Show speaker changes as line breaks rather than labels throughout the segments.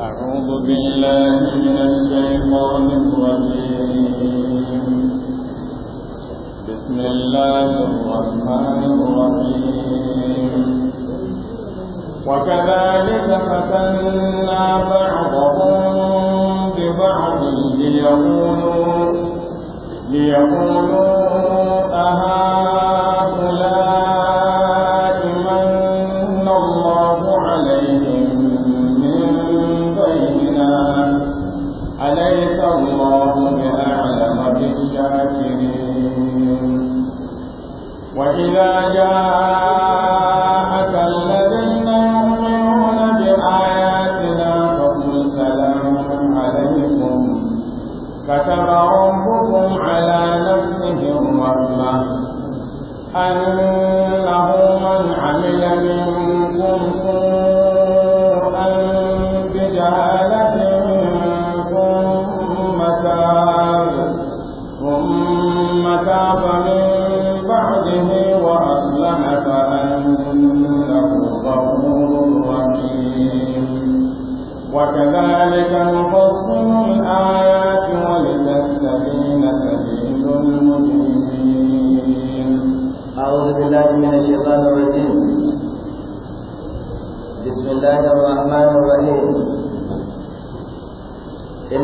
أعوذ بالله من الشيطان الرجيم بسم الله الرحمن الرحيم وكذلك فتنا بعضهم ببعض ليقولوا ليقولوا أهؤلاء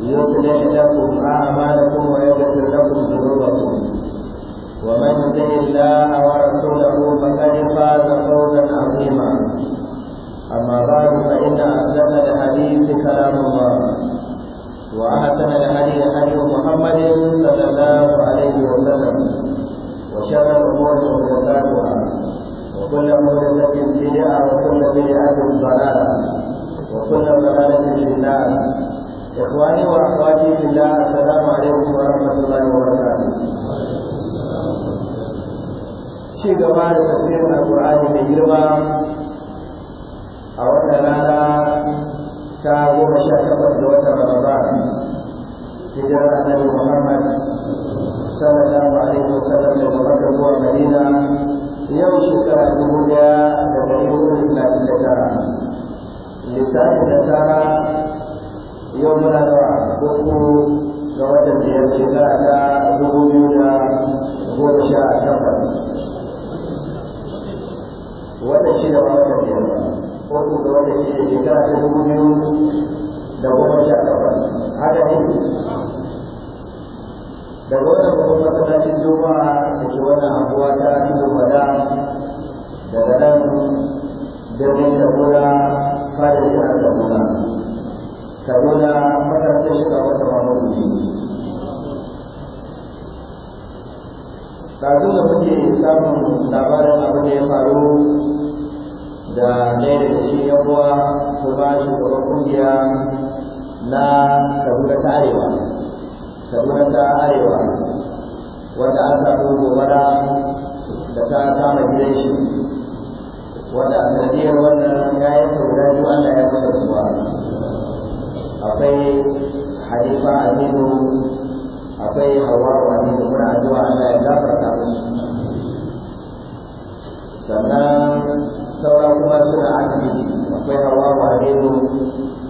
يصلح لكم أعمالكم ويغفر لكم ذنوبكم ومن يطع الله ورسوله فقد فاز فوزا عظيما أما بعد فإن أصدق الحديث كلام الله وأحسن الحديث هدي محمد صلى الله عليه وسلم وشر الأمور محدثاتها وكل محدثة بدعة وكل بدعة ضلالة وكل ضلالة في النار إخواني وأخواتي في الله السلام عليكم ورحمة الله وبركاته. شيء كمان تفسير القرآن بجربة أو تنالا كابو مشاكل بس لو رمضان هجرة النبي محمد صلى الله عليه وسلم يوم مكة المدينة يوم شكرا الدنيا kazu da muke samun labarin abin da ya faru da ɗaya da cikin yan uwa ko ba kuma kungiya na kaduna ta arewa kaduna ta arewa wanda an samu gobara da ta kama gidan shi wanda a sanadiyar wannan ya yi saurari yi Allah ya kusa zuwa akwai halifa aminu akwai hawa wani da muna addu'a Allah ya gafara sannan sauran kuma suna asibiti akwai hawa habibu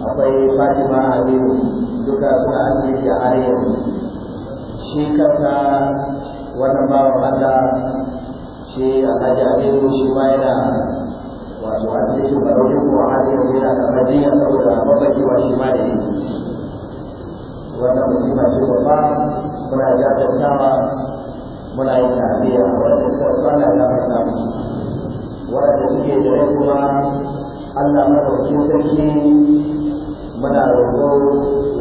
akwai fatima habibu duka suna asibiti a arewa shi kanka wannan shi alhaji habibu shi ma yana wato kuma har yana kamar jinya saboda mafakewa shi ma da yi wannan ce babba lokaci muna roƙo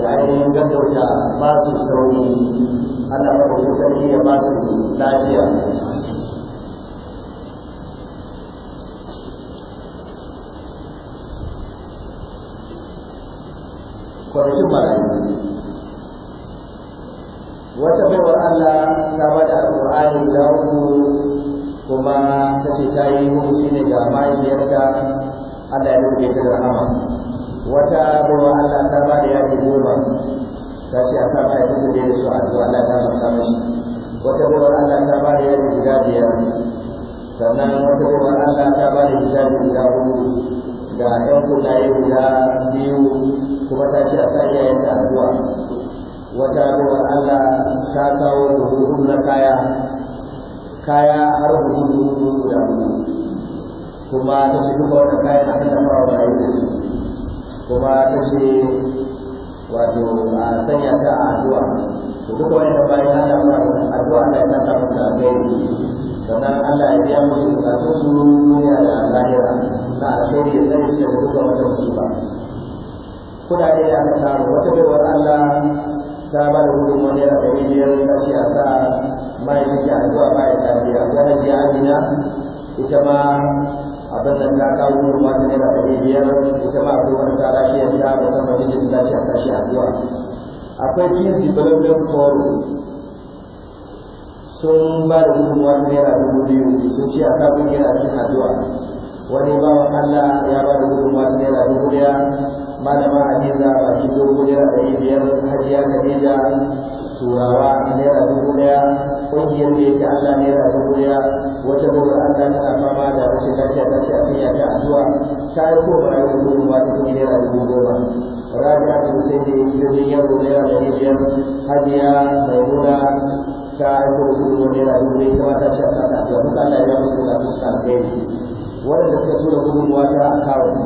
ya ainihin gaggauta ba su sauri Allah ba ku sarki ya ba su lafiya kwamishin marayu wata baiwa Allah ta bada alƙur'ani guda uku kuma ta ce ta yi hukunci daga mahaifiyarta Allah ya rubuce ta da rahama wata bawa Allah ta ba da yaki goma ta ce a sa ba ya tuka da su a zuwa Allah ta maka mashi wata bawa Allah ta ba da yaki guda biyar sannan wata bawa Allah ta ba da hijabi guda hudu ga ɗan kullaye guda biyu kuma ta ce a sa iyayenta a zuwa wata bawa Allah ta kawo da hudu na kaya kaya har hudu da hudu kuma ta shi duka wannan kayan tallafawa marayu da su kuma ta shi wato a sanya ta a addu'a to duka wannan bayan Allah marayu addu'a Allah ta sa musu alheri sannan Allah ya biya musu bukatun su duniya da lahira na alheri da zai suke da duka wannan musiba Kuna da aka samu wata baiwar Allah ta ba da gudunmawar naira ɗari biyar ta ce a sa mai take addu'a bayan lafiya ta hajiya Amina ita ma abin nan ta kawo mun ba da naira ɗari biyar ita ma akwai wani shi lafiyar ta da san wani jin ta a sashi a biya akwai kids development forum sun ba da gudunmuwa ta naira dubu biyu sun ce a kafin yana cikin addu'a wani bawan Allah ya ba da gudunmuwa ta naira dubu ɗaya malama Hadiza ba ki dubu naira ɗari biyar hajiya Khadija turawa naira dubu ɗaya ƙungiyar da yake Allah naira dubu ɗaya wata gobe Allah yana fama da rashin lafiya ta ce a addu'a ta yi ko ba yau gobe ba ta cikin naira dubu goma rabi'a ta sai da ilimin yaro naira ɗari biyar hajiya maimuna ta yi ko gobe naira dubu ne kuma ta ce a sata addu'a duka Allah ya musu da su ta alheri waɗanda suka tura gudunmuwa ta akawun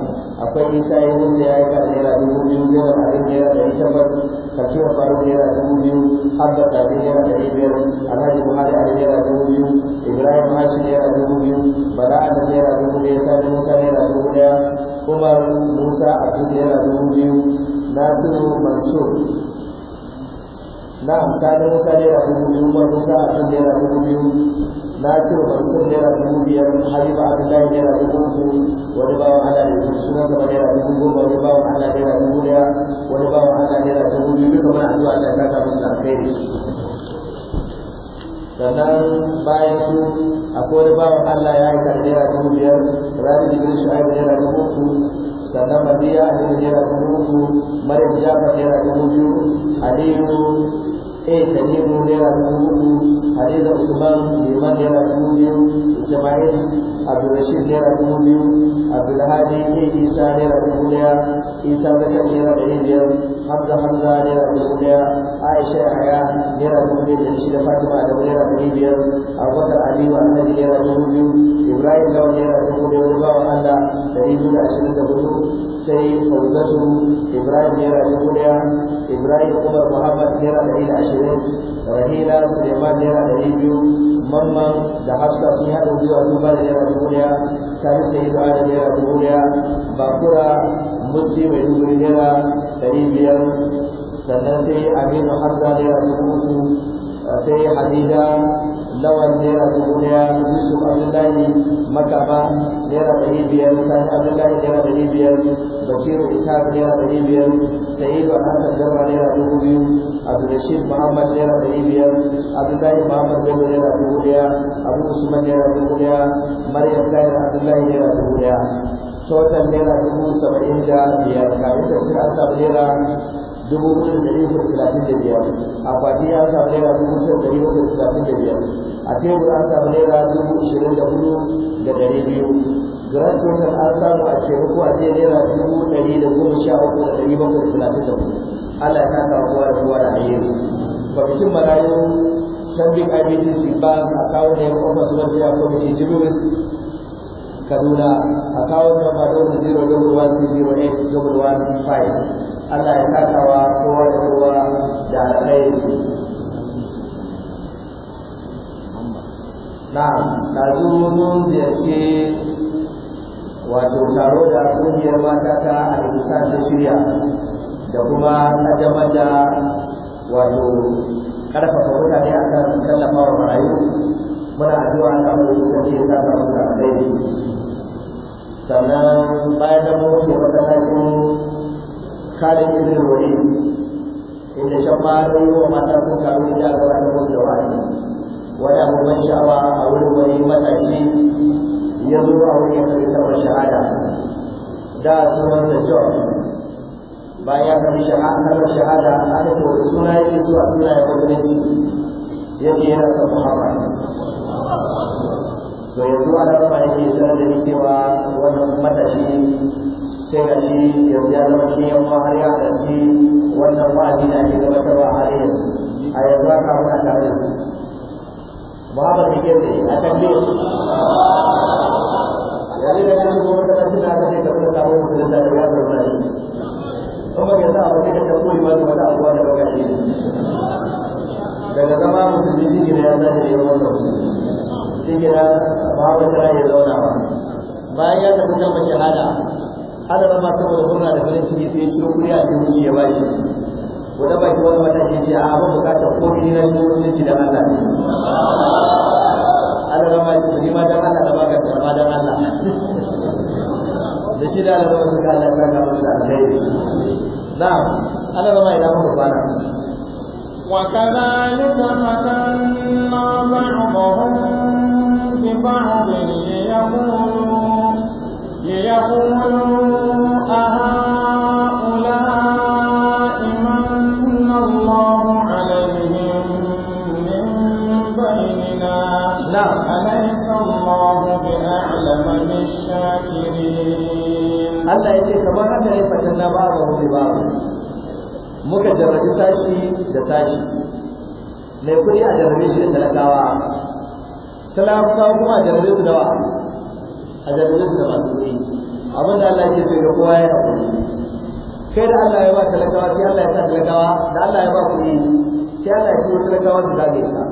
akwai isa yi wanda ya aika da naira dubu biyu naira ɗari naira ɗari tabbas kasuwar faru naira dubu biyu abba kaji naira ɗari biyar alhaji buhari ali naira dubu biyu ibrahim hashi naira dubu biyu bala adam naira dubu ɗaya sani musa naira dubu ɗaya umar musa abdul naira dubu biyu nasiru mansur na'am sani musa naira dubu biyu umar musa abdul naira dubu biyu na ce wa mansur naira dubu biyar habiba abdullahi naira dubu uku wani bawan allah da dubu sunan sama naira dubu goma wani bawan allah naira dubu daya wani bawan allah naira dubu biyu duka mana addu'a allah ta kama su alkhairi sannan bayan su akwai wani bawan allah ya aika da naira dubu biyar rabi digiri su aika naira dubu uku sannan madiya a naira dubu uku dubu biyu sai eh, sanye mu naira dubu uku hadiza usman liman naira dubu biyu ismail abdulrashid naira dubu biyu abdulhadi a isa naira dubu daya isa zakar naira ɗari biyar hamza hamza naira dubu daya aisha haya naira dubu biyu ɗari shida fatima da adamu naira ɗari biyar abubakar aliyu alhaji naira dubu biyu ibrahim yana naira dubu biyu bawan allah da biyu da ashirin da hudu sai fauzatu ibrahim naira dubu daya ibrahim umar muhammad naira ɗari ashirin rahila suleiman naira ɗari biyu mamman da hafsa sun haɗa gwiwa sun ba da naira dubu daya sani sai da naira dubu bakura musli mai dubu ɗari biyar sannan sai aminu hamza naira dubu sai lawan naira dubu daya yusuf abdullahi makaba naira ɗari biyar sani abdullahi naira ɗari biyar basiru ishaq naira ɗari biyar sa'idu alhassan garba naira dubu biyu abdulrashid muhammad naira ɗari biyar abdullahi muhammad bello naira dubu daya abu usman naira dubu daya maryam tahir abdullahi naira dubu daya total naira dubu saba'in da biyar kafin da sai an samu naira dubu hudu da ɗari hudu talatin da biyar akwati an samu naira dubu hudu da ɗari hudu talatin da biyar a tebur an samu naira dubu ishirin da hudu da ɗari biyu grand total an samu a taimako a jiya naira dubu ɗari da goma sha uku da ɗari bakwai da talatin da hudu allah ya taka kowa da kowa da alheri kwamitin marayu tambik ibtc bank account name office wanda ya kwamitin jibiris kaduna account number double zero double one two zero eight double one five allah ya taka wa kowa da kowa da alheri na'am dazu mun ziyarci wato taro da kungiyar mata ta al'isar ta shirya da kuma na jama'a da wato karfafa mutane a kan tallafa wa marayu muna addu'a da mu sai ya saka su da alheri sannan bayan da mun ce masallacin yi ibn Walid inda shan yi wa mata sun karu da gabatar musu da wa'azi wani abu ban sha'awa a wurin wani matashi ya zo a wurin ya karbi karɓar shahada da sunansa john bayan ya karbi karɓar shahada An ce wani suna yake zuwa suna ya musulunci ya ce yana son muhammad to yanzu ana rama yake sanar da ni cewa wannan matashi sai ga shi yanzu ya zama cikin yan har ya halarci wannan wa'azi da ake gabatarwa a yanzu a yanzu aka muna tare da su محبت کی کہتے ہیں تکلیف یعنی میں نے کو مطلب اچھی نہ کرے تو اللہ کو سے زندہ رہا کرنا چاہیے تو میں کہتا ہوں کہ جب کوئی بات بتا ہوا تو ہوگا چاہیے daga zama musulmi shi ne ya zai yi wani musulmi shi ne na babu kira ya zauna ba bayan ya tafi shahada ana rama saboda da farin a cikin ba shi wani bai ta wani wannan yace a ban bukata ko ni na shigo musulunci dan Allah ne Allah rama ji ni ma dan Allah da baka ta ma dan Allah
da shi da Allah suka Allah
ya saka masa alheri na'am Allah rama ina muka kwana
وكذلك فتنا بعضهم ببعض ليقولوا ليقولوا Allah ya ce kamar haka ne fatan na ba ga wani ba
muka jarrabi sashi da sashi mai kuɗi a jarrabe shi da talakawa talakawa kuma a jarrabe su da a jarrabe su da masu kuɗi abin da Allah ya ce ga kowa ya kai da Allah ya ba talakawa sai Allah ya sa talakawa da Allah ya ba kuɗi sai Allah ya wasu talakawa su zage ka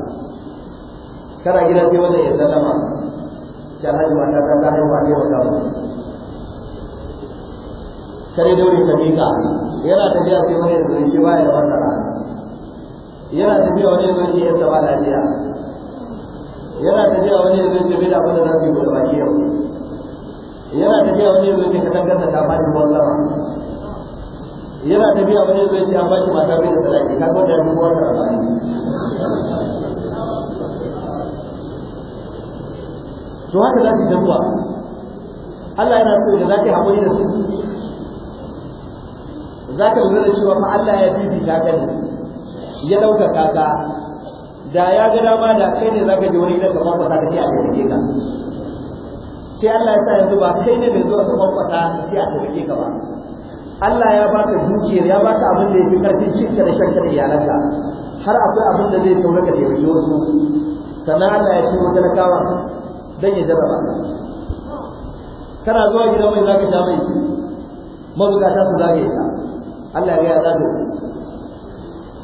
kara gida sai wannan ya sallama sai Allah ya ba ta ta haihuwa ne wa sai wuri ta mika yana tafiya sai wani yanzu ce baya da rana. yana tafiya wani yanzu ce yadda ba lafiya yana tafiya wani yanzu ce bai da abin da za su yi gudu baki yau yana tafiya wani yanzu ce ka tangarta ta fadi ruwan sama yana tafiya wani yanzu ce an bashi mata bai da sadaki ka gwada ya fi kowa karatu
to haka za su yi
Allah yana so da za ka haƙuri da su za ka lura da cewa fa Allah ya fifita ta ne ya ɗaukaka ka da ya ga dama da kai ne za ka je wani gidan ka kwakwata ka ce a taimake ka sai Allah ya sa yanzu ba kai ne mai zuwa ka da shi ce a taimake ka ba Allah ya baka dukiyar ya baka abin da ya fi ƙarfin shirka da shakkar iyalanka har akwai abin da zai saura ka taimake wasu sannan Allah ya turo talakawa don ya jarraba ka kana zuwa gidan mai zaka sha mai mabukata su zagaye ka Allah ya ya zaɓi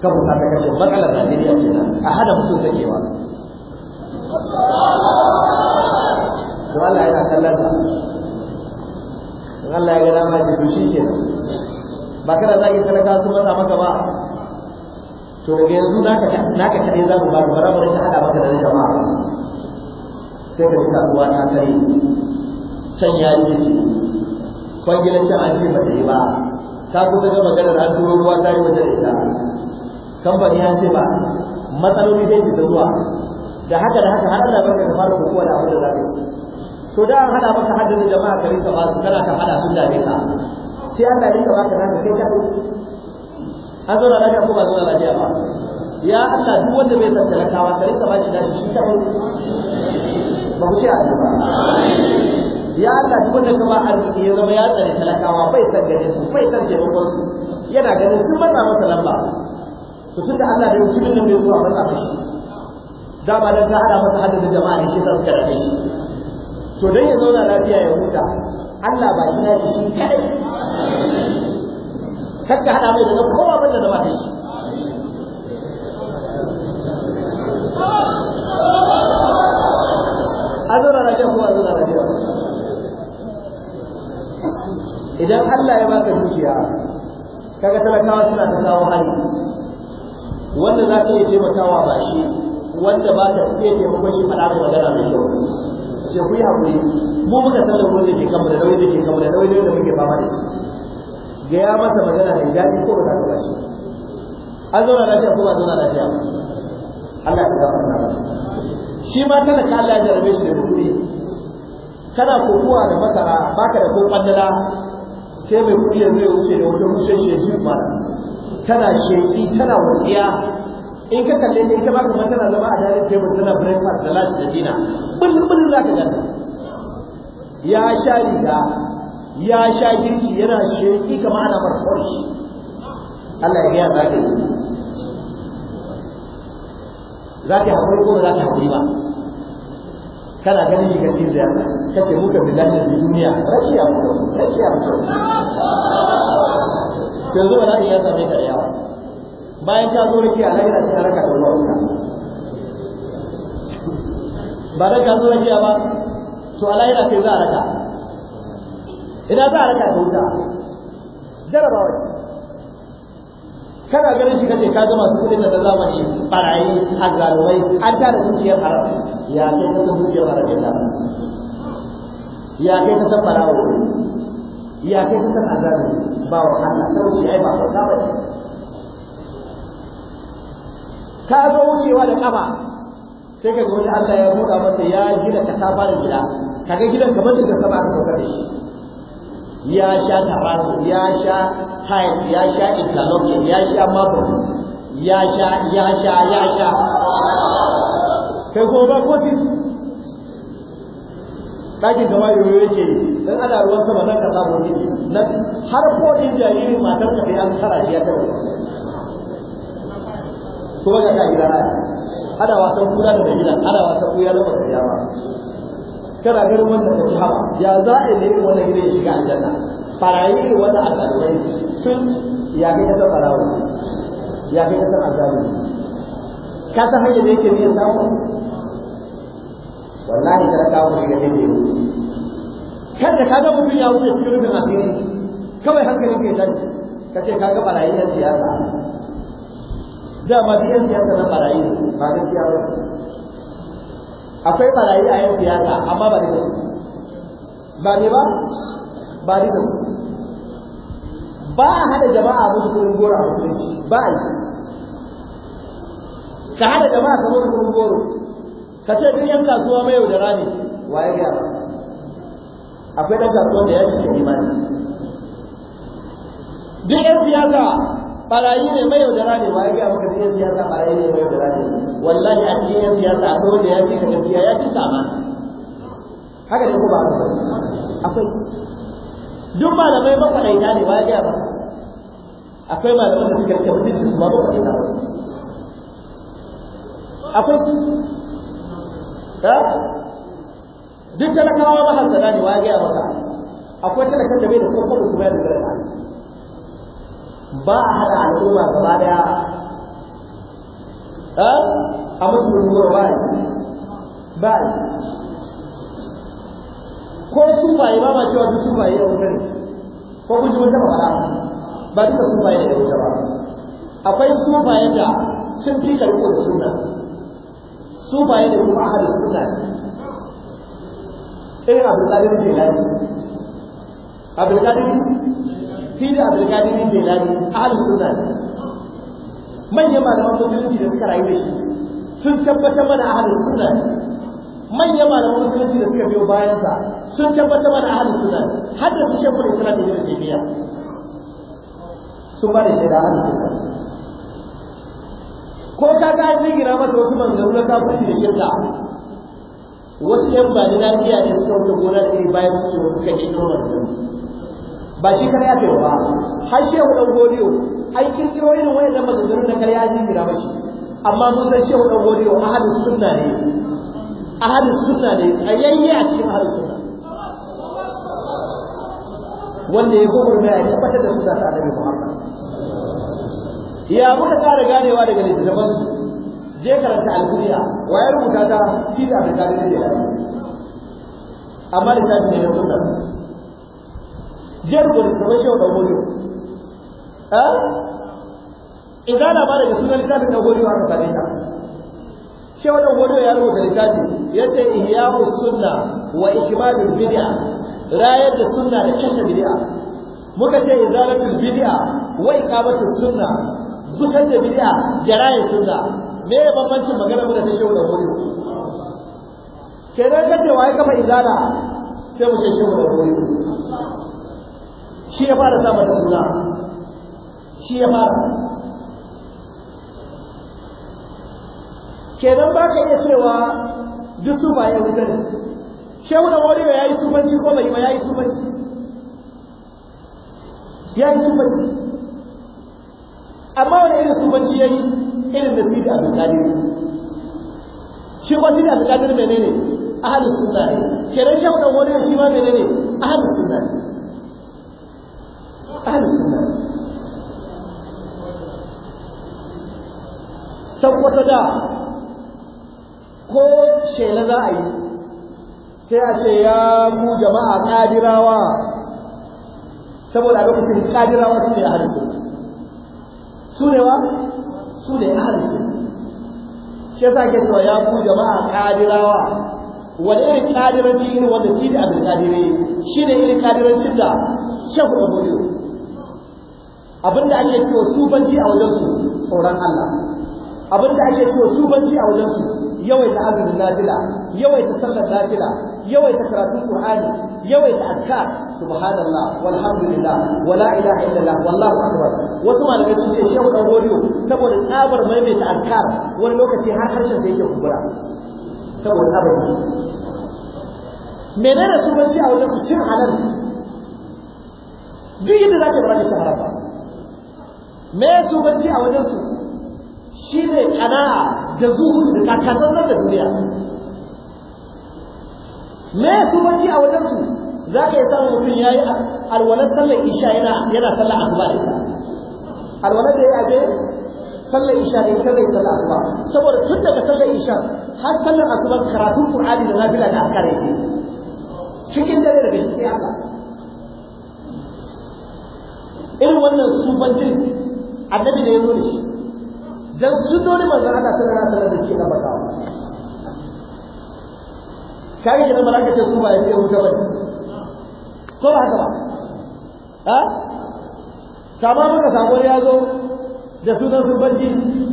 kabu ta ta kashe matsalar Najeriya kenan a hada mutum sakewa
to Allah yana kallon ta
Allah ya gada ma ce to ke. kenan ba kana ta sadaka su mata maka ba to daga yanzu naka naka kadai za mu ba ka barabar ta hada maka da jama'a sai ka fita zuwa ta kare can ya yi shi kwangilan can an ce ba ta yi ba ta kusa ga maganar an turo ruwa ta yi waje da ita kamfani ya ce ba matsaloli dai su zuwa da haka da haka har ana ya baka fara kokowa da abin da za ka ci to da an hada maka haddin jama'a kare ka masu kana ta hada sun dame ka sai Allah ya baka ka kai ka an zo da lafiya ko ba zo da lafiya ba ya Allah duk wanda bai san talakawa kare ka bashi da shi shi ta ba ku ce a ba ya Allah duk wanda kama arziki ya zama ya tsare talakawa bai san ganin su bai san taimakon su yana ganin sun matsa masa lamba to tun da Allah da yau kimin nan bai so a matsa mashi dama dan ta hada masa da jama'a ne shi ta suka rabe shi to dan ya zauna lafiya ya huta Allah ba shi nashi shi kadai kakka hada mai daga kowa banda da mata shi azura rajahu azura
idan Allah ya baka dukiya
kaga talakawa suna ta kawo hali wanda za ka iya taimakawa ba shi wanda ba ta iya taimakon shi faɗa da magana mai kyau ce ku yi haƙuri mu muka san da wanda ke kamar da nauyi da ke kama da nauyi da muke fama da shi ga ya masa magana mai daɗi ko ba za ka ba shi an zauna lafiya ko ba zauna lafiya Allah ya gafarta ba shi ma ka Allah ya jarabe shi da kuɗi kana kokuwa da masara baka da ko kwandala sai mai kuɗi zai wuce da wata rushe shi jin mana tana sheƙi tana wariya in ka kalle shi ka ba kamar tana zama a dalilin tebur tana breakfast da lunch da dina bulbulin za ka ganta ya sha riga ya sha girki yana sheƙi kamar ana barkon shi Allah ya gaya za ka yi za ka yi haƙuri ko da za ka haƙuri ba kana ganin shi kacin da kace muka billahi da duniya rakiya mu rakiya mu yanzu ba ya same ka yawa bayan ta zo rakiya na yana cikin raka ta ruwa ba raka zo rakiya ba to ala yana kai za a raka ina za a raka ta wuta jarabawa shi kana ganin shi kace ka ga masu kudin da zamani barayi azzalumai an da dukiyar haram ya kai ka san dukiyar haram ya tara ya kai ka san barawo ya kai ka san azzalumi ba wa Allah wuce ai ba ka ba ka zo wucewa da kafa sai ka ga wani Allah ya buɗa masa ya gina fara gida kaga gidan kamar da sama ka saukar da shi ya sha tabasu ya sha tiles ya sha interlocking ya sha mabu ya sha ya sha ya sha kai ko ba ko ɗakin kama yoyo yake yi dan ana ruwan sama nan ka samu ne na har ko din jaririn matar ka dai an kara ya ta kuma ga ka gida ana wasan kula da gida ana wasan kuya da yawa. kana ganin wannan ci ta ya za a yi wanda gida ya shiga aljanna farayi ne wanda a ɗalibai sun ya kai kasar farawa ya kai kasar azali ka san hanyar da yake biyan samu wallahi ka rakawa ku shiga take kada kaga mutum ya wuce cikin rubin asiri kawai hankalin ka ya tashi ka ce ka ga barayi na siyasa ba duk yan siyasa na barayi ba gaskiya ba akwai barayi a yau siyasa amma ba da su ba ne ba ba da su ba a hada jama'a musu kuma goro a musulunci ba a yi ka hada jama'a ka musu kuma goro ka ce duk yan kasuwa mai yau da rani waye ba akwai ɗan kasuwa da ya shiga imani duk yan siyasa barayi ne mai yaudara ne waye ga maka cikin siyasa barayi ne mai yaudara ne wallahi a cikin yan siyasa a wanda ya fi ka gaskiya ya fi sama haka ne ko ba haka akwai duk malamai makwadaita ne waye ga ba akwai malaman da suka rike mutuncin su ba ba ba akwai su ha duk talakawa ba mahazzara ne waye ga maka akwai talakan da bai da kuma kuma ya da zarafi
ba a hada al'umma gaba daya
a musulun ruwa ba yi ba yi ko sufaye ba ma cewa su faye da wutar ne ko guji wata ba ba duka faye da wuta ba akwai faye da sun fi karɓo da suna faye da kuma da suna irin abdulkadir jelani tsarin shi da abdulkadir ke lani ahlus sunna manyan malaman musulunci da suka rayu da shi sun tabbatar mana suna sunna manyan malaman musulunci da suka biyo bayansa sun tabbatar mana ahlus sunna har da su shekul da yin taymiya sun ba da shaida suna sunna ko ka ga an jingira masa wasu manzanni na kafirci da shirka wasu yan ba ni na iya ne suka wuce gona da iri bayan su wasu kan kawai ba shi kare ya kai ba har shehu dan godiyo ai kirkiro irin wayannan maganganun da karya jingira mashi amma mun san shehu dan godiyo ahadus sunna ne ahadu sunna ne tsayayye a cikin ahadus sunna
wanda ya kuma mai ya tabbatar
da sunna ta annabi Muhammad ya muka ƙara ganewa daga littattafan su je karanta al wayar wa ya rubuta ta fi da Abdul Qadir amma littafin ne na sunna jar kamar shehu dan gudu eh idan ba ga sunan littafin dan gudu aka same ta shehu dan gudu ya rubuta littafi yace ihya'us sunna wa ikmalul bid'a rayar da sunna da kashe bid'a muka ce izalatul bid'a wa iqamatus sunna gusar da bid'a da rayar sunna me ya bambancin magana mana da shehu dan gudu kenan kace wai kafa izala sai mu ce shehu dan gudu shi ya fara samun suna shi ya fara kenan ba ka iya cewa duk su ba ya wuce ne shehu da wariyo ya yi sumanci ko bai ba ya yi sufanci ya yi sumanci, amma wani irin sumanci ya yi irin da zai da abin shi ba su da abdulkadir menene halin suna ne kenan shehu da wani shi ma menene halin suna ne da ko shela za a yi sai a ce ya mu jama'a kadirawa saboda abin kusurin kadirawa su ne a harisu su ne wa su ne a harisu ce za ke cewa ya mu jama'a kadirawa wani irin kadiranci irin wanda shi da abin kadire shi ne irin kadirancin da shehu da buriyo abinda ake cewa su banci a wajen su tsoron Allah abinda ake cewa subanci a wajensu, yawaita azumin nafila yawaita sallar nafila yawaita karatun qur'ani yawaita azkar subhanallah walhamdulillah wala ilaha illallah wallahu akbar wasu malamai sun ce shehu dan goriyo saboda tsabar maimaita azkar wani lokaci har harshen da yake kubura saboda tsabar menene subanci a wajensu cin halal duk yadda za ka yi ba za ka ba me subanci a wajensu? shi ne kana'a da zuhudu da takazannar da duniya me su waje a wajensu za ka yi samun mutum ya yi alwalar sallar isha yana sallar asuba da ita alwalar da ya abe sallar isha ne ita zai sallar asuba saboda tun daga sallar isha har sallar asuba karatun qur'ani da nafila da aka rage cikin dare da shi sai Allah irin wannan sufancin annabi ne ya zo da shi dan doni manzo Allah sallallahu alaihi wasallam da shi na bakawa kai da ba ka ce su ba yake wuta ba ko ba haka ba ha mu ka sabon ya zo da sunan sun barci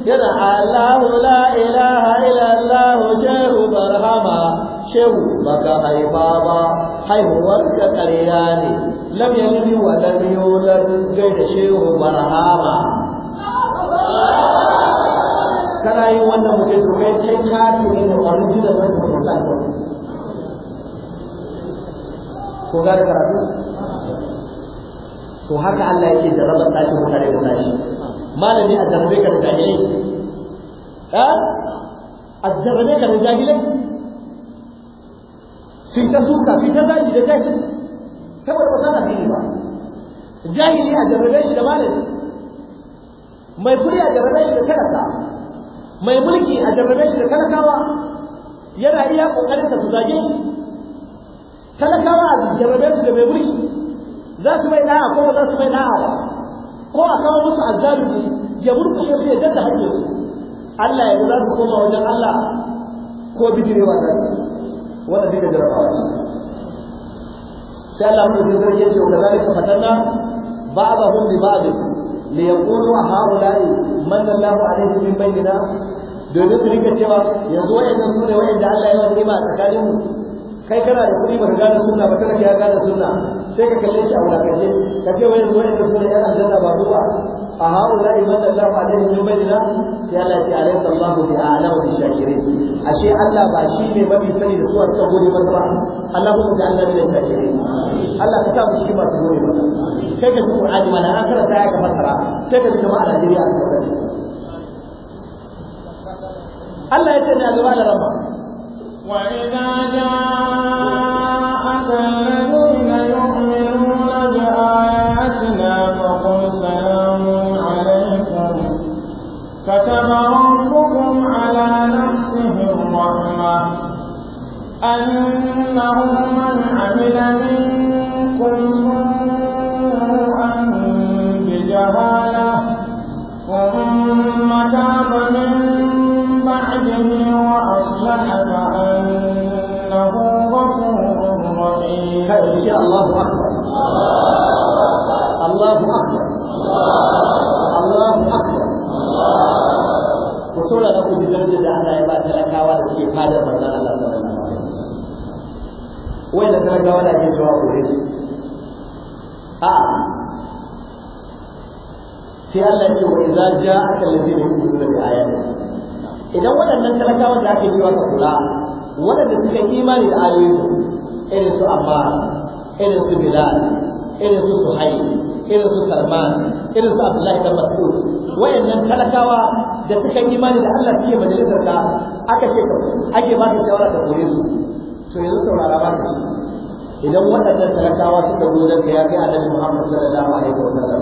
yana Allahu la ilaha illa Allah shehu barhama shehu baka haifa ba haihuwar ka kariya ne lam yalid wa lam yulad gaida shehu barhama
kana yin wannan mu sai to kai kai kafin ne
da wani jidan da wani musa ko ga da karatu to haka Allah yake jarraba tashi mutane da tashi malami a jarrabe ka da jahilai a a jarrabe ka da jahilai sai ta suka sai ta zaji da jahilci saboda ba ta dini ba jahili a jarrabe shi da malami mai kuri a jarrabe shi da talaka mai mulki a jarrabe shi da talakawa yana iya kokarin ka su zage shi talakawa a jarrabe su da mai mulki za su mai da'a ko za su mai da'a ko a kawo musu azabi ya murkushe su ya danta hanyar su Allah ya za su koma wajen Allah ko bijirewa za su wanda duka jarrabawa shi sai Allah zai zai zarge ce wa zai fatanna ba'dahum bi ba'd liyaqulu haula'i man Allahu alaihi min bainina domin su rika cewa yanzu wayannan su ne wayanda Allah ya yi ni'ima a tsakanin mu kai kana da kuɗi baka gane sunna ba kana ya gane sunna sai ka kalle shi a wulakance ka ce wayannan wani su ne yan aljanna ba ruwa a haula'i man Allahu alaihi min bainina sai Allah ya ce alaysa Allahu bi a'lamu bi shakirin ashe Allah ba shi ne mafi sani da su a cikin gode masa ba Allahu ta'ala ne shakirin Allah ka ta mu masu gode ba. sai ka ci Qur'ani mana an karanta ya ka fassara sai ka ji jama'a Najeriya a cikin Allah ya ce ne a gaba da
rama وإذا جاءك الذين يؤمنون بآياتنا فقل سلام عليكم كتب ربكم على نفسه الرحمة أنه من عمل منكم shahada ce Allahu akbar Allahu akbar
Allahu akbar
ku saurara ku ji darajar da Allah ya ba talakawa suke fadar manzon Allah sallallahu alaihi wasallam wanda talakawa da ke cewa ku ne a sai Allah ya ce wa idza ja'aka alladhina yu'minuna bi ayatina idan waɗannan talakawa ake ka kula waɗanda imani irin su amma irin su bilal irin su suhai irin su salman irin su abdullahi dan mas'ud wayannan talakawa da suka yi imani da Allah suke majalisar ka aka ce ka ake ba ka shawara da kore su to yanzu saurara ba ka idan waɗannan talakawa suka zo da ya kai annabi Muhammad sallallahu alaihi wasallam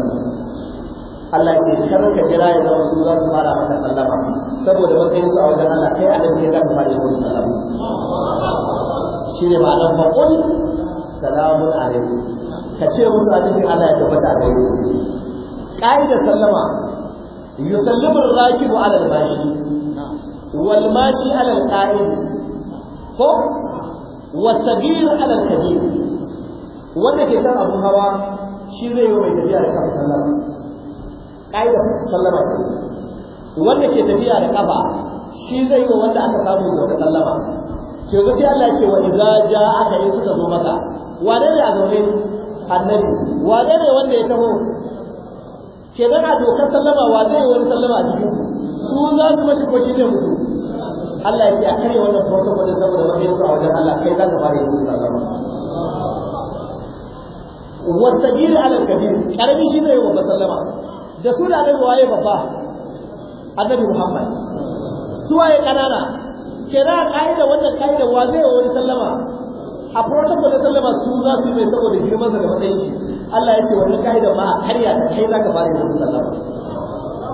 Allah ce kar ka jira ya zama su za su fara maka sallama saboda matsayin su a wajen Allah kai annabi ne za ka fara musu sallama shine ma'anar faqul salamun alaikum ka ce musu hadisin Allah ya tabbata a gare ku qaida sallama yusallimu ar-rakibu ala al-mashi wal mashi ala al-qa'id ko wasagir ala al-kabir wanda ke kan abun hawa shi zai yi mai tafiya da kafa sallama qaida sallama wanda ke tafiya da kafa shi zai yi wanda aka samu da sallama yanzu sai Allah ce wa idza ja'aka in suka zo maka wane ne a zaune annabi wane ne wanda ya taho kenan a dokar sallama wane ne wani sallama a cikin su su za su mashi ko shi ne musu Allah ya ce a kare wannan protocol da saboda wani su a wajen Allah kai za ka fara yin sallama wasagir ala kabir karami shi ne wa sallama da su da annabi waye babba annabi Muhammad su waye kanana kira a ƙa'ida wannan ƙa'ida wa zai wa wani sallama a protocol da sallama su za su mai saboda girman da matsayinci Allah ya ce wani ƙa'ida ma a karya ta kai za ka fara yin sallama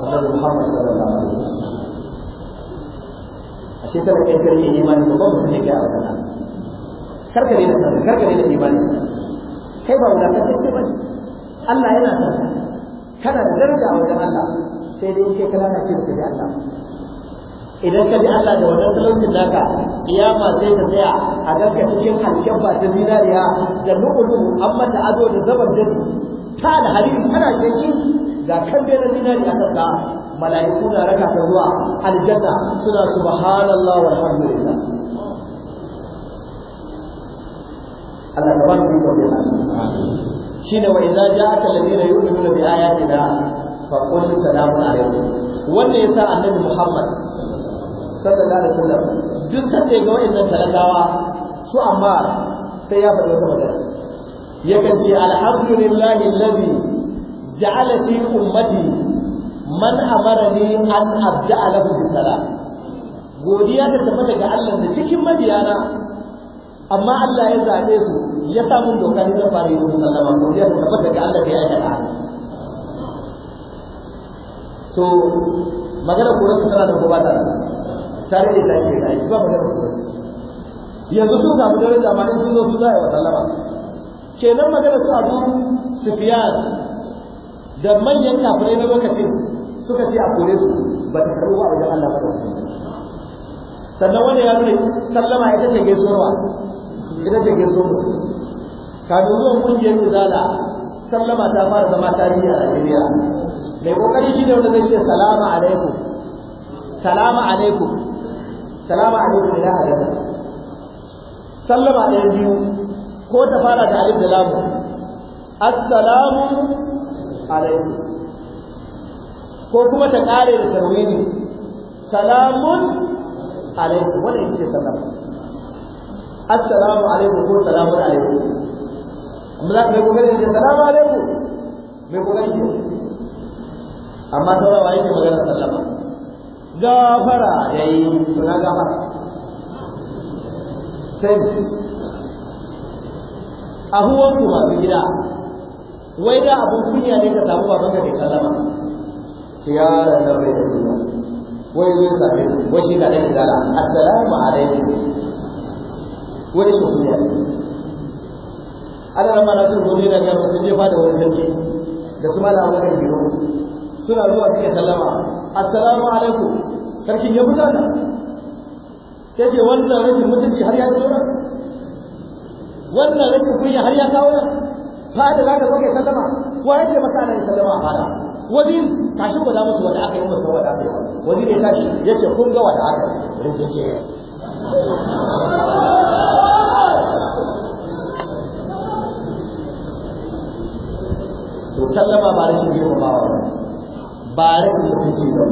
Annabi Muhammad sallallahu alaihi wasallam ashe kada kai karye imani ba ba mutum ya a Allah karka ne da karka ne da imani kai ba wadatacce ba ne Allah yana da kana da daraja wajen Allah sai dai kai kana ce shi da Allah
idan ka bi Allah da wannan talaucin naka kiyama sai ta tsaya a ganka cikin halken ba ta zinariya da
lu'ulu amma da ado da zaban jari ta da hariri kana shaki ga kambe na zinariya kanka mala'iku na raka ta zuwa aljanna suna subhanallah walhamdulillah Allah ya ba mu iko da shine wa idza ja'aka alladhina yu'minuna bi ayatina fa qul salamun alaykum wannan yasa annabi Muhammad sallallahu alaihi wasallam duk sanda ga wayannan talakawa su amma sai ya faɗi wata magana yakan ce alhamdulillahi allazi ja'ala fi ummati man amarani an abda'a lahu bi salat godiya ta tabbata daga Allah da cikin madiyana amma Allah ya zabe su ya samu doka ne da fare su sallama godiya ta tabbata daga Allah da ya aikata to magana ko tana da gobata tare da tashi da aiki ba yanzu sun samu dare da in sun zo su za a yi wa sallama kenan magana su abu sufiyan da manyan kafirai na lokacin suka ce a kore su ba ta karu ba wajen Allah ba sannan wani ya nuna sallama ita ce gaisuwa ita ce gaisuwa musu kafin zuwan kungiyar izala sallama ta fara zama tarihi a Najeriya mai kokari shi ne wanda zai ce salamu alaikum salamu alaikum salamu alaikum ya halala sallama ɗaya biyu ko ta fara da alif da lam assalamu alaikum ko kuma ta ƙare da tarwini salamun alaikum wanda yake ce sallama assalamu alaikum ko salamun alaikum amma za ka yi kokarin ce salamu alaikum mai kokarin amma saurawa yake magana sallama gafara da yi suna gafara sai su masu gida wai da abin kunya ne ka samu baban ka kai sallama ci ya da bai da kunya wai zai zabe wai shi ka dai dala assalamu ne. wai shi kunya ne rama mara sun gobe da gaba sun jefa da wani sarki da su mala wani biro suna zuwa suke sallama assalamu alaikum sarkin ya buga ta sai ce wannan rashin mutunci har ya tsora wannan rashin kunya har ya kawo ya fada za ka zo kai sallama wa ce maka ana sallama a fada wani tashi ku da musu wanda aka yi musu wanda aka yi wani ne tashi ya ce kun ga wanda aka yi ce ce
to sallama ba rashin
girmamawa ba ba rashin mutunci ba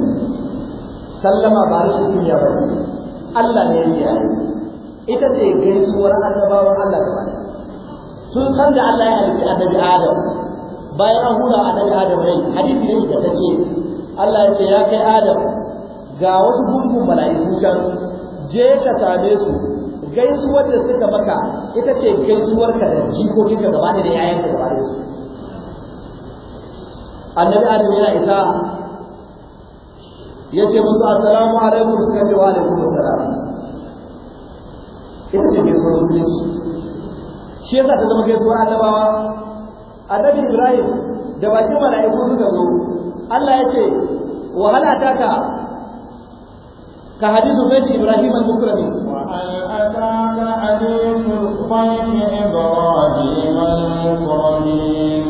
sallama ba rashin kunya ba Allah ne ya yi ita ce gaisuwar annabawan Allah ta bada sun san da Allah ya a annabi Adam bayan an a annabi Adam rai hadisi ne da tace Allah ya ce ya kai Adam ga wasu gungun mala'iku can je ka same su gaisuwar da suka maka ita ce gaisuwar ka da jikokinka gaba da yayanka gaba da su annabi adam yana isa ya ce musu assalamu alaikum suka ce wa alaikum assalam ita ce gaisuwar musulunci shi yasa ta zama gaisuwar annabawa annabi ibrahim da bakin mala'iku suka zo Allah ya ce wahala taka ka hadisu bai ibrahim al-mukrami
وهل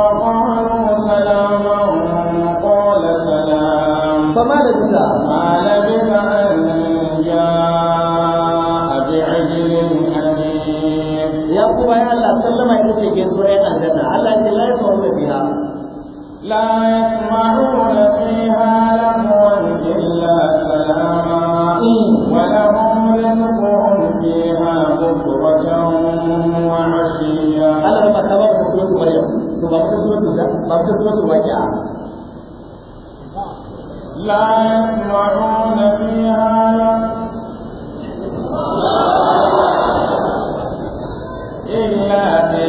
ba ta suratul waqi'a la yasma'una fiha illa fiha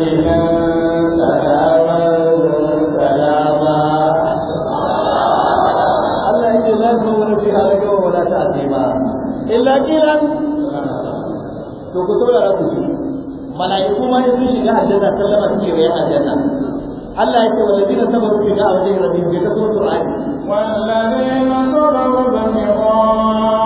illa kiran
to ku saurara ku ji mala'iku ma sun shiga aljanna sallama suke a aljanna الله يسوى الذين تبروا في جاء الذين رجل جدا سورة العين
والذين صبروا بسرعان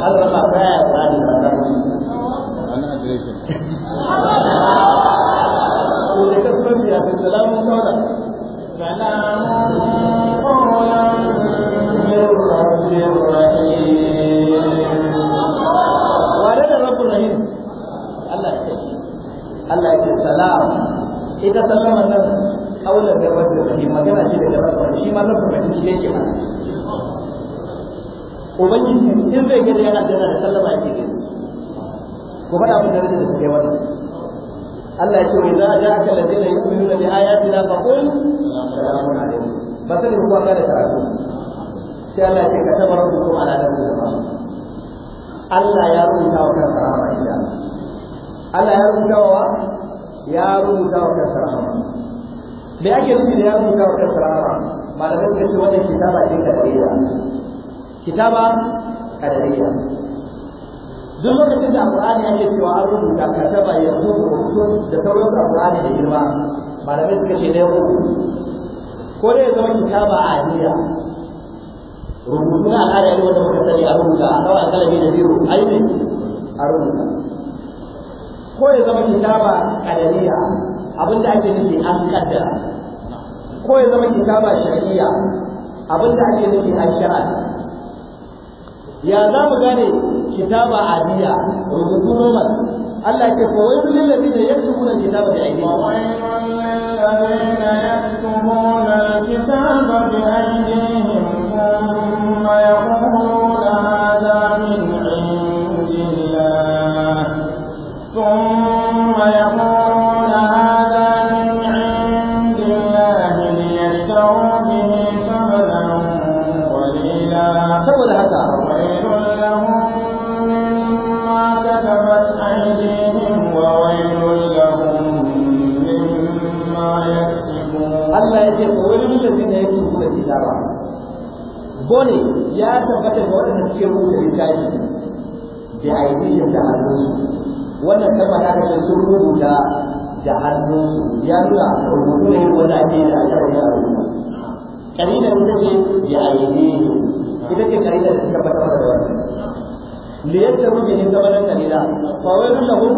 Allah ba ta ya tsari da ta wani adireshin ko da kasuwanci a tattalamun sauran salamun ƙolan min Allah ya Allah ya ita ubangiji in zai gani yana jana da sallama yake gani ku faɗa mu tare da suke wannan Allah ya ce wa idza ja'aka alladhina yu'minuna bi ayatina fa qul salamun alaykum ba sai ku kwanta da karatu sai Allah ya ce ka tabar rubutu ala nafsi ba Allah ya rubuta wa kansa rahama insha Allah ya rubuta wa ya rubuta wa kansa rahama me ake nufi da ya rubuta wa kansa rahama malamai suka ce wannan kitaba ce kadariya kitaba qadariyya duk lokacin da alqur'ani yake cewa an rubuta kataba yanzu rubutu da sauransu alqur'ani da girma malamai suka ce ɗaya uku ko dai ya zama kitaba adiya rubutu na al'ada ne wanda muka sani a rubuta a kawai alƙalami da biyu aini a rubuta ko ya zama kitaba kadariya abinda ake nufi an kaddara ko ya zama kitaba shari'a abinda ake nufi an shari'a ya za mu gane kitaba adiya rubutu roman Allah ke fa wai kullum da zai yaktu mun kitaba da aiki wa
alladhina yaktubuna alkitaba bi aydihim thumma yaquluna
ce sun rubuta da hannunsu ya nuna rubutu ne wanda ake da aka rubuta a
rubuta
kalilan ita ce ya ne ita ce kalilan da suka fata da ne wannan liyasta rubin sabanan kalila fa wailul lahum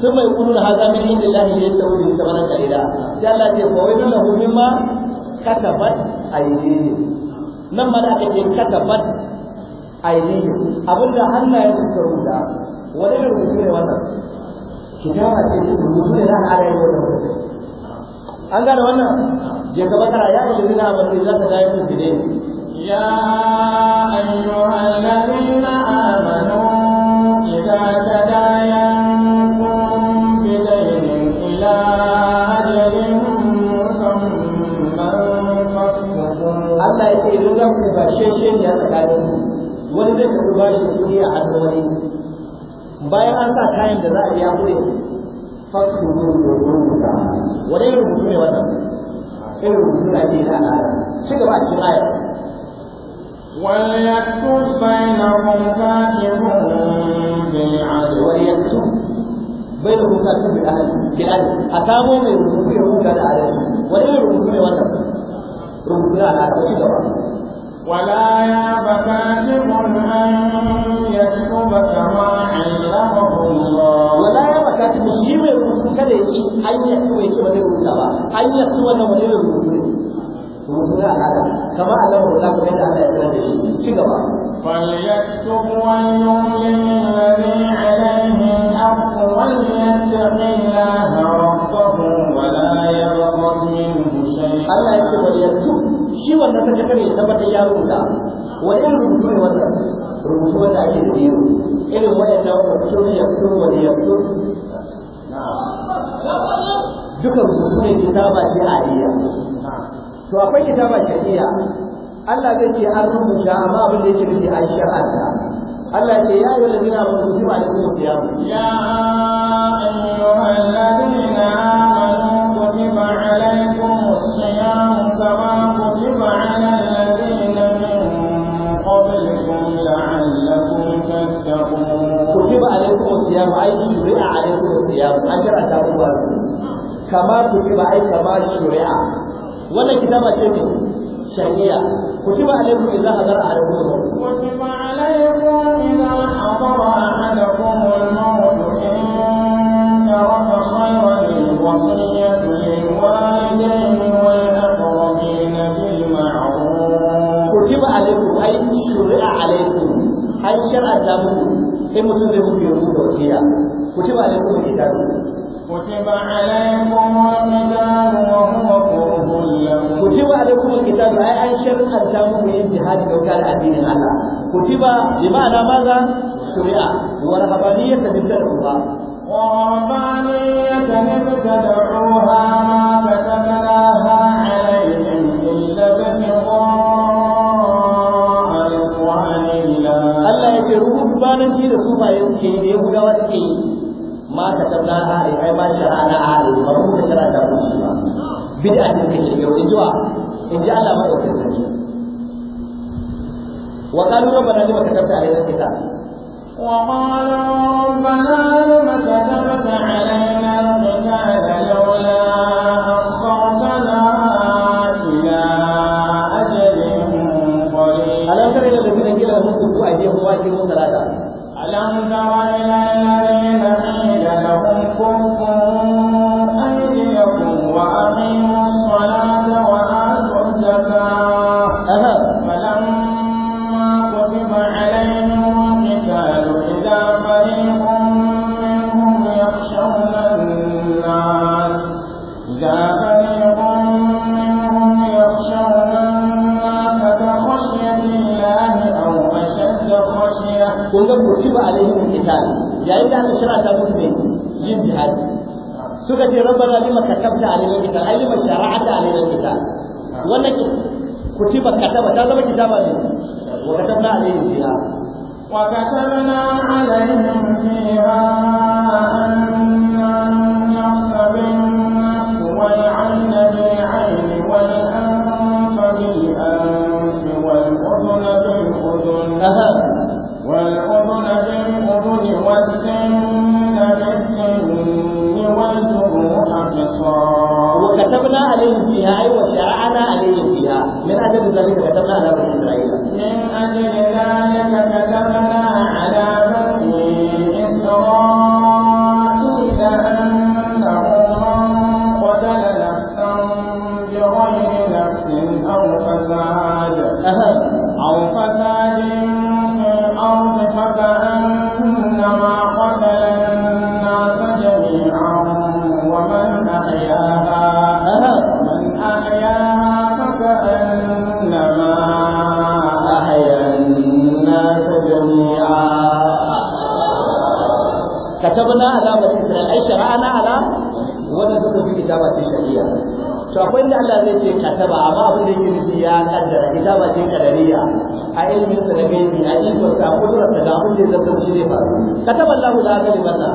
ثم يقولون هذا من عند الله ليسوا به ثمنا قليلا sai Allah ce kawai fa wai lahu ma katabat aydihim nan ma da aka ce katabat aydihim abinda Allah ya rubuta wanda ya rubuta ne wannan kitaba ce ce rubutu ne za a da gobe an gane wannan je gaba kara ya yi lina ba sai za ta dai su gide
ya ayyuhal ladina amanu idza tadayantum Allah ya ce idan za ku bashe shi a
tsakanin wani zai ku bashi kuɗi a hannun bayan an sa kayan da za a ya kure fakuru rubuta wani irin rubutu ne wannan irin rubutu na ke da al'ada ci gaba a cikin ayar
وليكتب بينهم كاتب بالعدل وليكتب بينهم كاتب بالعدل أكامو من رسول يهودا العدل وليه رسول يهودا رسول العدل وشي دوا ولا ياب كاتب أن يكتب كما علمه الله ولا ياب كاتب shi
mai rubutu kada ya ce an yaktu bai ce ba zai ba an yaktu wannan wani mai rubutu ne rubutu ya da shi
gaba فليكتب وليملل الذي عليه الحق وليتق الله ربه ولا يغضب منه
شيئا الله يكتب وليكتب shi wannan sakatare ya tabbatar ya rubuta wani rubutu ne wannan rubutu wanda ake da yaro irin wayannan waktun yaksu wani yaksu
duka rubutu ne ba kitaba shari'a
to akwai kitaba shari'a Allah zai ce an rubuta amma abin da yake nufi an sha'anta Allah ce ya yi lalina mun kusi ba da kuma siya
ya ayyuhal ladina amanu kutiba alaykum as-siyam kama كتب عليكم الصيام أي شرع عليكم الصيام عشرة أبواب
كما كتب أي كما شرع ولا كتاب شرع شهية كتب عليكم إذا حضر عليكم
الموت كتب عليكم إذا حضر أحدكم الموت إن ترك خيرا الوصية للوالدين والأقربين بالمعروف كتب عليكم أي
شرع an shar'anta muku in mutum zai mutu ya rubuta wasiya kutiba alaikum al-qitalu
kutiba alaikum al-qitalu wa huwa kurhun lakum kutiba
alaikum al-qitalu ai an shar'anta muku yin jihad da kare addinin Allah kutiba bi maza shari'a wa rahabaniyata bi tarhuha
ورهبانية ابتدعوها ما كتبناها rubananci da su baye suke yi da yahudawa suke yi
ma ka tabla a kai ma sharana a ne ba mu ka shara da shi ba bid'a ce take yau in jiwa in ji Allah madaukakin sarki wa qalu rabbana lima katabta alaina kitab
وقالوا ربنا لم كتبت علينا القتال لولا
shar'anta musu ne yin jihadi suka ce rabbana lima katabta alaina alkitab ai lima shar'ata alaina alkitab wannan kutiba kataba ta zama kitaba ne wa katabna alaihim fiha
wa katabna alaihim fiha
akwai inda Allah zai ce amma abin da yake nufi ya kaddara ita ba ce kadariya a ilmin sa da gaibi a ikon sa ko da abin da zai ne faru kataba Allah la ghalibata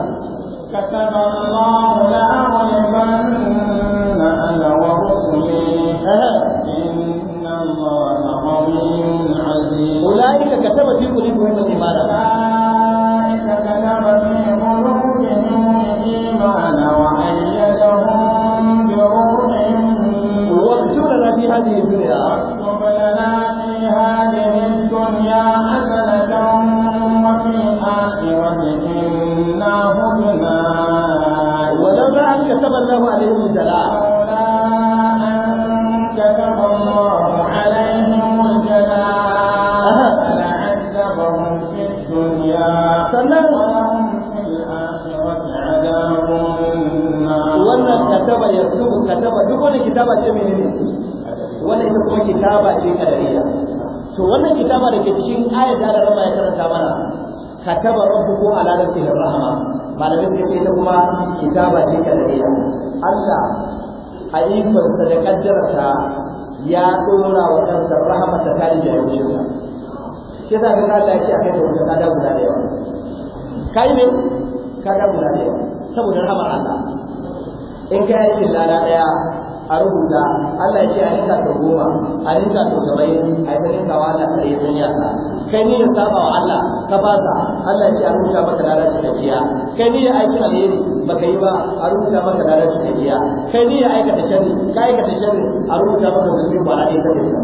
kataba Allah la ghalibanna ana wa rusuli inna Allah qawiyyun aziz ulaika kataba fi qulubihim هذه الدنيا واكتب لنا في هذه الدنيا حسنة وفي الآخرة إنا هدنا ولولا أن كتب الله عليهم الجلاء لولا أن كتب الله عليهم الجلاء لعذبهم في الدنيا ولهم في الآخرة
عذاب النار وأن كتب يكتب كتب دخل كتاب شمينين wannan kuma kitaba ce kadariya to wannan kitaba da ke cikin ayat da Allah ya karanta mana kataba rabbukum ala nafsihi rahma malamai suka ce ta kuma kitaba ce kadariya Allah a ikonsa da kaddarta ya dora wa kansa rahama ta tare da yaushe sai da ka ga Allah ya ce akai da kada guda da yawa kai ne kada guda da yawa saboda rahamar Allah in ka yi aikin lada daya a rubuta Allah ya ce a rinka ta goma a rinka ta saurayi a yi rinka wa Allah ta yi sanya ta kai ni da saba wa Allah ka fasa Allah ya ce a rubuta maka lada cikakkiya kai ni da aikin alheri baka yi ba a rubuta maka lada cikakkiya kai ni da aikata shari ka aikata shari a rubuta maka zunubi ba ɗaya ta rubuta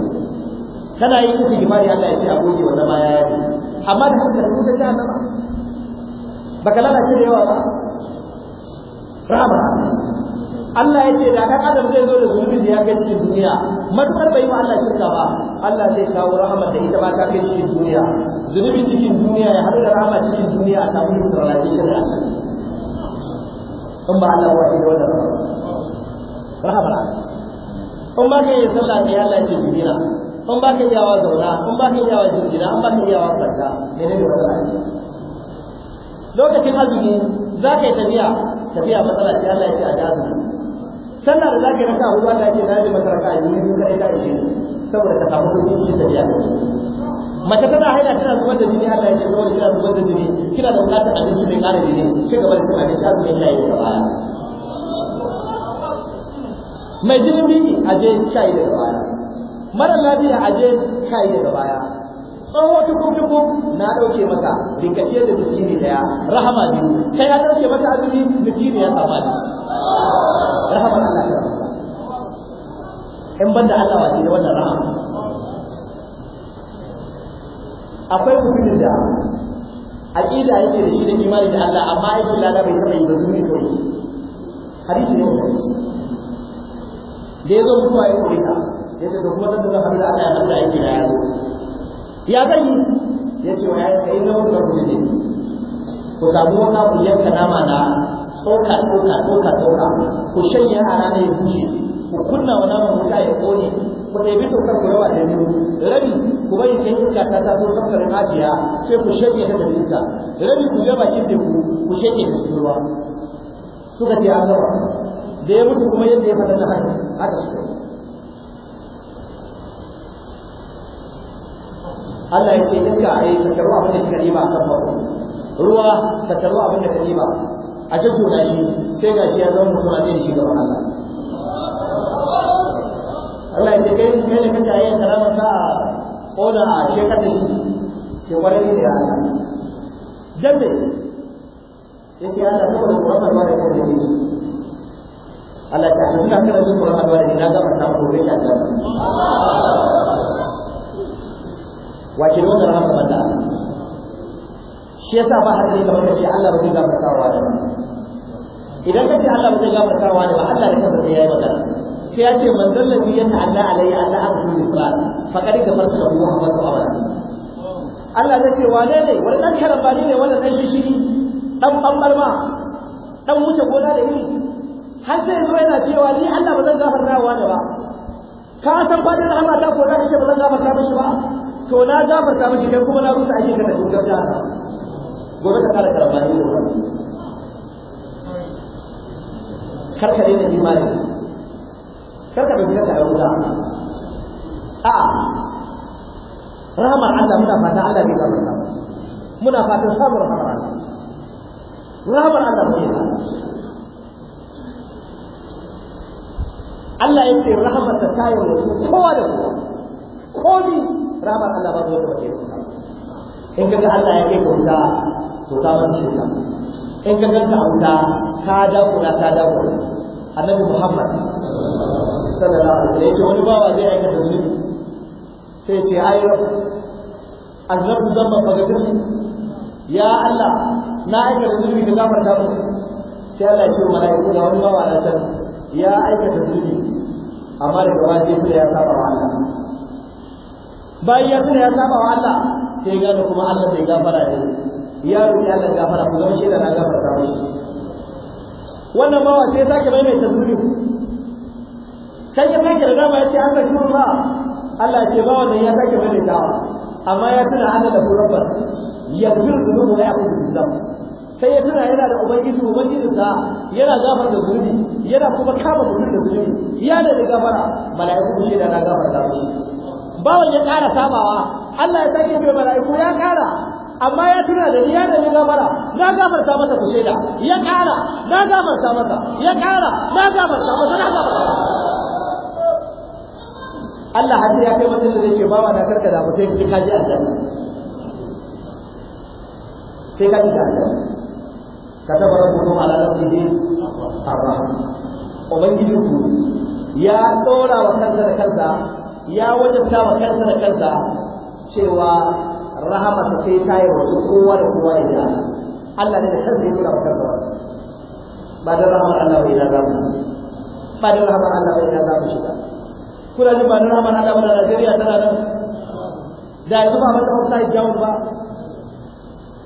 kana yi kuka gimari Allah ya ce a goge wa baya ya yi amma da suka rubuta Ba baka lalace da yawa ba rama Allah ya ce da dan adam zai zo da zunubin da ya kai cikin duniya matukar bai wa Allah shirka ba Allah zai kawo rahama da ita ba ta kai cikin duniya zunubi cikin duniya ya haɗu da rahama cikin duniya a samu neutralization a ciki in ba Allah wa ido da rahama in ba ka yi sallah da ya lashe jibina in ba ka iyawa zauna in ba ka iyawa jirgina in ba ka iyawa kwanta ne ne da wata ake lokacin azumi za ka yi tafiya tafiya matsala shi Allah ya ce a jazumi sallah da zaka raka hudu Allah ya ce na ji maka raka ni ne kai ta ishe saboda ka samu kudi shi ta biya mace tana haila tana zubar da jini Allah ya ce dole kina zubar da jini kina da bukatar abinci mai ƙara jini shi gaba da cin abinci azumin yayi gaba mai jinin biki aje kai daga baya mara lafiya aje kai daga baya tsawo tukum na dauke maka rikace da miskini daya rahama biyu kai ya dauke maka azumi miskini ya saba da shi
rahama Allah ya
in banda Allah wa da wannan rahama akwai mutumin da aqida yake da shi da imani da Allah amma kula da bai taba yi ba zuri kawai hadisi ne wannan da yazo mutuwa ya kai ta yace da kuma da zan da Allah ya Allah yake da yazo ya zai yi ya ce wa ya yi zama da kuma ne ku samu wata ku yanka nama na tsoka tsoka tsoka tsoka ku shanye a ranar ya bushe ku kunna wa nama wuta ya kone ku bi tokar ku yawa da biyu rabi ku bari sai ka ta taso saukar hajiya sai ku shanye ta da iska rabi ku ga bakin teku ku shanye da cikin ruwa suka ce an gaba da ya mutu kuma yadda ya fata ta hanyar haka su Allah ya ce ka ai ka tattaru abin da ka riba kan farko ruwa tattaru abin da ka riba a tattuna shi sai gashi ya zama mutum a da shi gaban Allah Allah ya ce kai ne da kace ayi karaman ka oda a ka da shi ce kwarai ne ya Allah dabbe yace Allah ne ko Qur'an ba da yake da shi Allah ta hajjina kana da Qur'an ba da na ga mutum ko ne ta wace ne wannan rahama banda Allah shi yasa ba har kai kamar kace Allah bai gafartawa da ba idan kace Allah bai gafartawa da ba Allah da kansa sai yayi magana sai ya ce man dallazi yanna Allah alayya Allah azul israr su gafarta lahu wa su tawwab Allah zai ce wane ne wani dan karambani ne wannan dan shishiri? dan bambar ma dan wuce gona da iri har sai zo yana cewa ni Allah ba zan gafartawa da ba ka san fadin rahama ta ko za ka ce ba zan gafarta mishi ba to na gafarta mashi kai kuma na rusa ayyuka da gauta gobe ka kada karambani da wani karka daina imani Kar da gidanka a wuta a rahamar Allah muna fata Allah ne gafarta muna fata samun rahamar Allah rahamar Allah ne Allah ya ce rahamar ta tayar da kowa da kowa komi ramar Allah ba zai wata bace kusa in ka ga Allah ya kai kusa to ka masa ta. in ka ganka a wuta ka dakura ka dakura annabi Muhammad sallallahu alaihi wasallam ya ce wani bawa zai aikata zunubi sai ya ce ai azabtu zamma faghfirli ya Allah na aikata zunubi ka gafarta mu sai Allah ya ce mala'iku ga wani bawa na san ya aikata zunubi amma daga baya sai ya saba wa Allah bayan ya tuna ya saba wa Allah sai gane kuma Allah bai gafara ne ya roƙi Allah gafara ku zama da na gafarta shi wannan bawa sai ya sake mai tasiri sai ya sake da dama ya ce an zaki ba Allah ce bawa nan ya sake mai tawa. amma ya tuna Allah da ya yakfir dhunuba wa ya bi-dhanb sai ya tuna yana da ubangiji ubangijinsa yana gafar da zuri yana kuma kama zuri da zuri ya da gafara mala'iku shi da na gafara da shi bawan ya ƙara samawa Allah ya sake ce mala'iku ya ƙara amma ya tuna da ni ya da ni gafara na gafarta masa ku shaida ya ƙara na gafarta masa ya ƙara na gafarta masa na gafarta
Allah har ya
kai mutum da zai ce bawa na da ba sai ka ji aljanna sai ka ji aljanna كتب ربكم على نفسه الرحمة ku ya يا دورا da kanta ya wajabta wa kansa da kansa cewa rahama ta sai ta yi wasu kowa da kowa ya ja Allah ne da kansa ya tura wa kansa ba da rahamar Allah bai na zamu shi ba da rahamar Allah bai na zamu shi ba kuna ji ba da rahamar Allah ba da Najeriya tana nan da yanzu ba mata upside down ba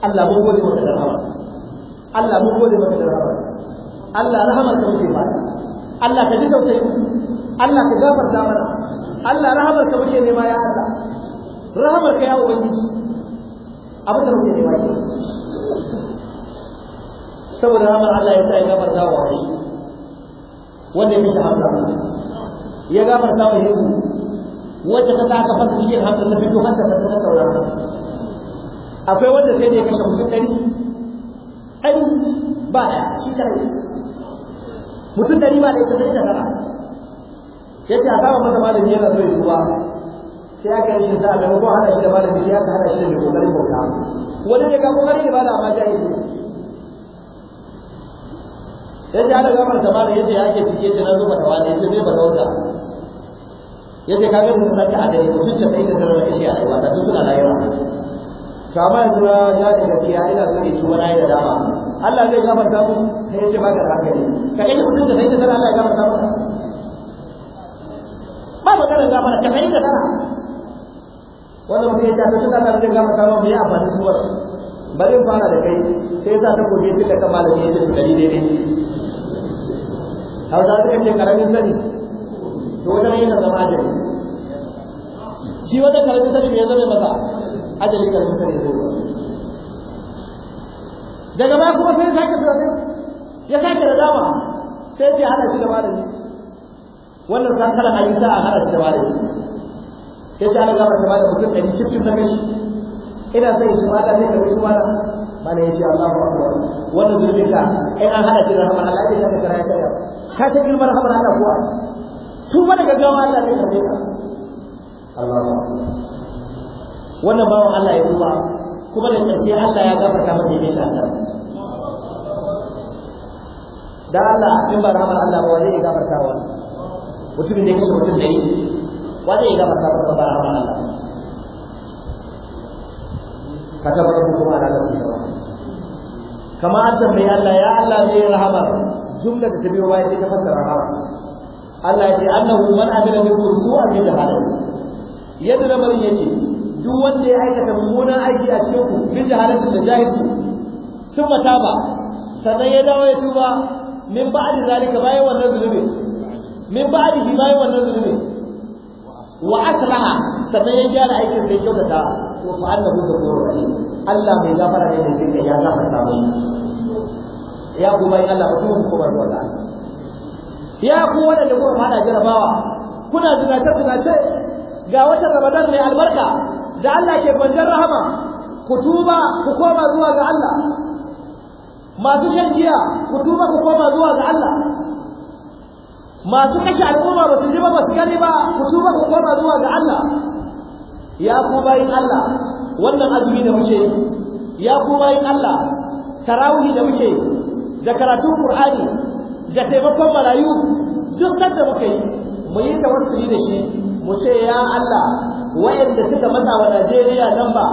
Allah mun gode maka da rahama Allah mun gode maka da rahama Allah rahamar ka muke ba Allah ka ji tausayi Allah ka gafarta mana Allah rahamar ka muke nema ya Allah rahamar ka ya ubangiji abin da muke nema ke saboda rahamar Allah ya sa ya gafarta wa wani wanda ya mishi hamza ya gafarta wa hebu wacce ta taka fasa shi hamza ta fito hamza ta ta saurara akwai wanda sai da ya kashe mutum ɗari ɗari ba ɗaya shi ɗari mutum ɗari ba ɗaya ta zai da ya ce a kama mata malami yana so ya zuwa sai aka yi shi sa'a ko hana shi da malami ya ka hana shi da kokarin bauta wani ne ka kokarin da bala amma jahili ya ce ana gamar da malami yadda ake cike shi na zuba da wani ya ce bai balauta ya ce kaga mun saka a dai mutum ce kai da dare shi a rayuwa da suna rayuwa to amma yanzu na ya da gaskiya ina so ya tuba na yi da dama Allah zai gafarta mu sai ya ce ba ka hankali ka kai mutum da sai da Allah ya gafarta maka ba ba karin gafara ka fahimta tana wanda mutum ya ce ta tuka kan gama kama bai amfani kuma bari fara da kai sai za ta goge tun da kan malami ya ce su tukari daidai hausa suka ce karamin sani to wata ne yana zama ajali shi wata karamin sani bai zama masa ajali karamin sani zai daga ba kuma sai ya sake tunanin ya sake da dama sai ce hana shi da malami wannan san kala ayi a hada shi da malami ya ce ana gafar ba da mutum ɗari cikin na kashi ina sai shi ma ɗan ne ka wuce malam malam ya ce Allahu akbar wannan zulmin ka ai an hada shi da rahmar Allah ya ka kira ya kira ka ta girman rahmar Allah kuwa tuba daga gawa Allah ne ka ka Allahu akbar wannan bawan Allah ya tuba kuma da ƙarshe Allah ya gafarta masa ne shi Allah da Allah in ba rahmar Allah ba waje ya gafarta wa mutumin da ya kashe mutum da yi, wajen yi gabata masa sabara a lafi ka tabbata ko kuma ana kasu da kama an tambayi Allah ya Allah ne rahama jumla da ta biyo bayan ta fassara rahama Allah ya ce annahu man amila minkum su'an bi jahalati yadda lamarin yake duk wanda ya aikata mummunan aiki a cikin ku bi jahalatin da jahilci sun mataba sannan ya dawo ya tuba min ba'da zalika bayan wannan zunubi min ba'dihi bayan wannan zunubi wa aslaha sannan ya gyara aikin sai kyautata to fa annahu ghafurur rahim Allah mai gafara ne da zai ya gafarta mishi ya ku bayan Allah ba kuma kuma zuwa ga ya ku wanda kuka fada jarabawa kuna zinace zinace ga watan Ramadan mai albarka da Allah ke kwanjar rahama ku tuba ku koma zuwa ga Allah masu shan giya ku tuba ku koma zuwa ga Allah masu kashe al'umma ba su ji ba ba su gani ba ku tuba ku koma zuwa ga Allah ya ku bayin Allah wannan azumi da muke ya ku bayin Allah tarawih da muke da karatun Kur'ani? da taimakon marayu duk sanda muka yi mu yi tawassuli da shi mu ce ya Allah wayanda suka mata wa Najeriya nan ba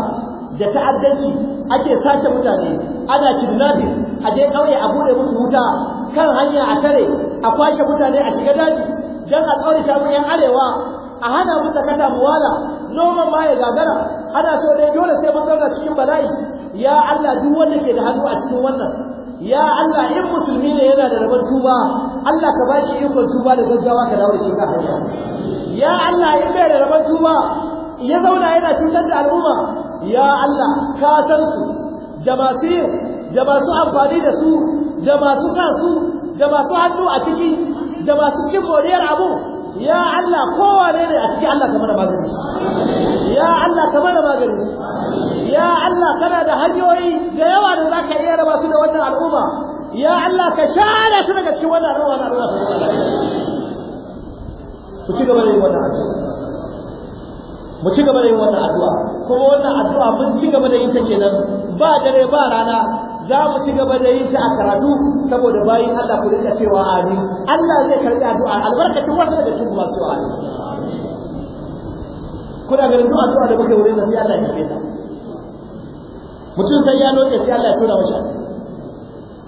da ta'addanci ake sace mutane ana kidnapping a je kauye a bude musu wuta kan hanya a tare a kwashe mutane a shiga daji don a tsaurita mu yan arewa a hana mu sakata muwala noman ma ya gagara ana so dai dole sai mun zauna cikin bala'i ya Allah duk wanda ke da hannu a cikin wannan ya Allah in musulmi ne yana da rabon tuba Allah ka ba shi ikon tuba da gaggawa ka dawo shi ka hanya ya Allah in bai da rabon tuba ya zauna yana cutar da al'umma ya Allah ka san su da masu yin da masu amfani da su da masu sa su da masu hannu a ciki da masu cin godiyar abu ya Allah kowa ne a ciki Allah kamar da magani ya Allah kamar da magani ya Allah kana da hanyoyi da yawa da za ka iya raba su da wannan al'umma ya Allah ka share su daga cikin wannan al'umma ku ci gaba da yin wannan addu'a mu ci gaba da yin wannan addu'a kuma wannan addu'a mun ci gaba da yin ta kenan ba dare ba rana za mu ci gaba da yin ta a karatu saboda bayin Allah ku rinka cewa amin Allah zai karbi addu'a albarkacin wasu daga cikin masu cewa amin kuna ganin duk addu'a da kuke wurin da sai Allah ya karbe ta mutum sai ya noke sai Allah ya tura mashi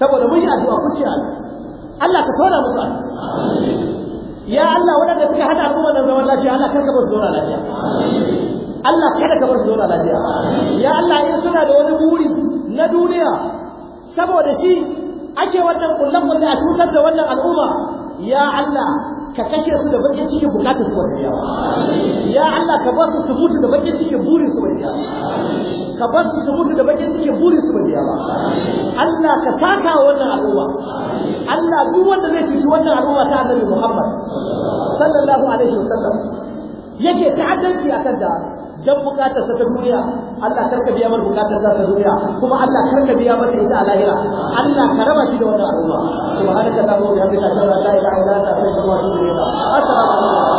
saboda mun yi addu'a ku ci Allah ka tura musu amin ya Allah waɗanda suka hada kuma da zaman lafiya Allah kanka ba bar su zauna lafiya Allah kada ka bar su zauna lafiya ya Allah in suna da wani buri na duniya saboda shi ake wannan kullum kullum a cutar da wannan al'umma ya Allah ka kashe su da bakin cikin bukatar su wajen yawa ya Allah ka ba su su mutu da bakin cikin burin su wajen yawa ka ba su su mutu da bakin cikin burin su wajen yawa Allah ka taka wannan al'umma Allah duk wanda zai cuci wannan al'umma ta annabi Muhammad sallallahu alaihi wasallam yake ta'addanci akan da dan bukatar ta duniya Allah karka biya mana bukatar ta duniya kuma Allah karka biya mana ita a lahira Allah ka raba shi da wannan al'umma subhanaka allahumma wa bihamdika ashhadu an la ilaha illa anta astaghfiruka wa atubu ilayk assalamu alaikum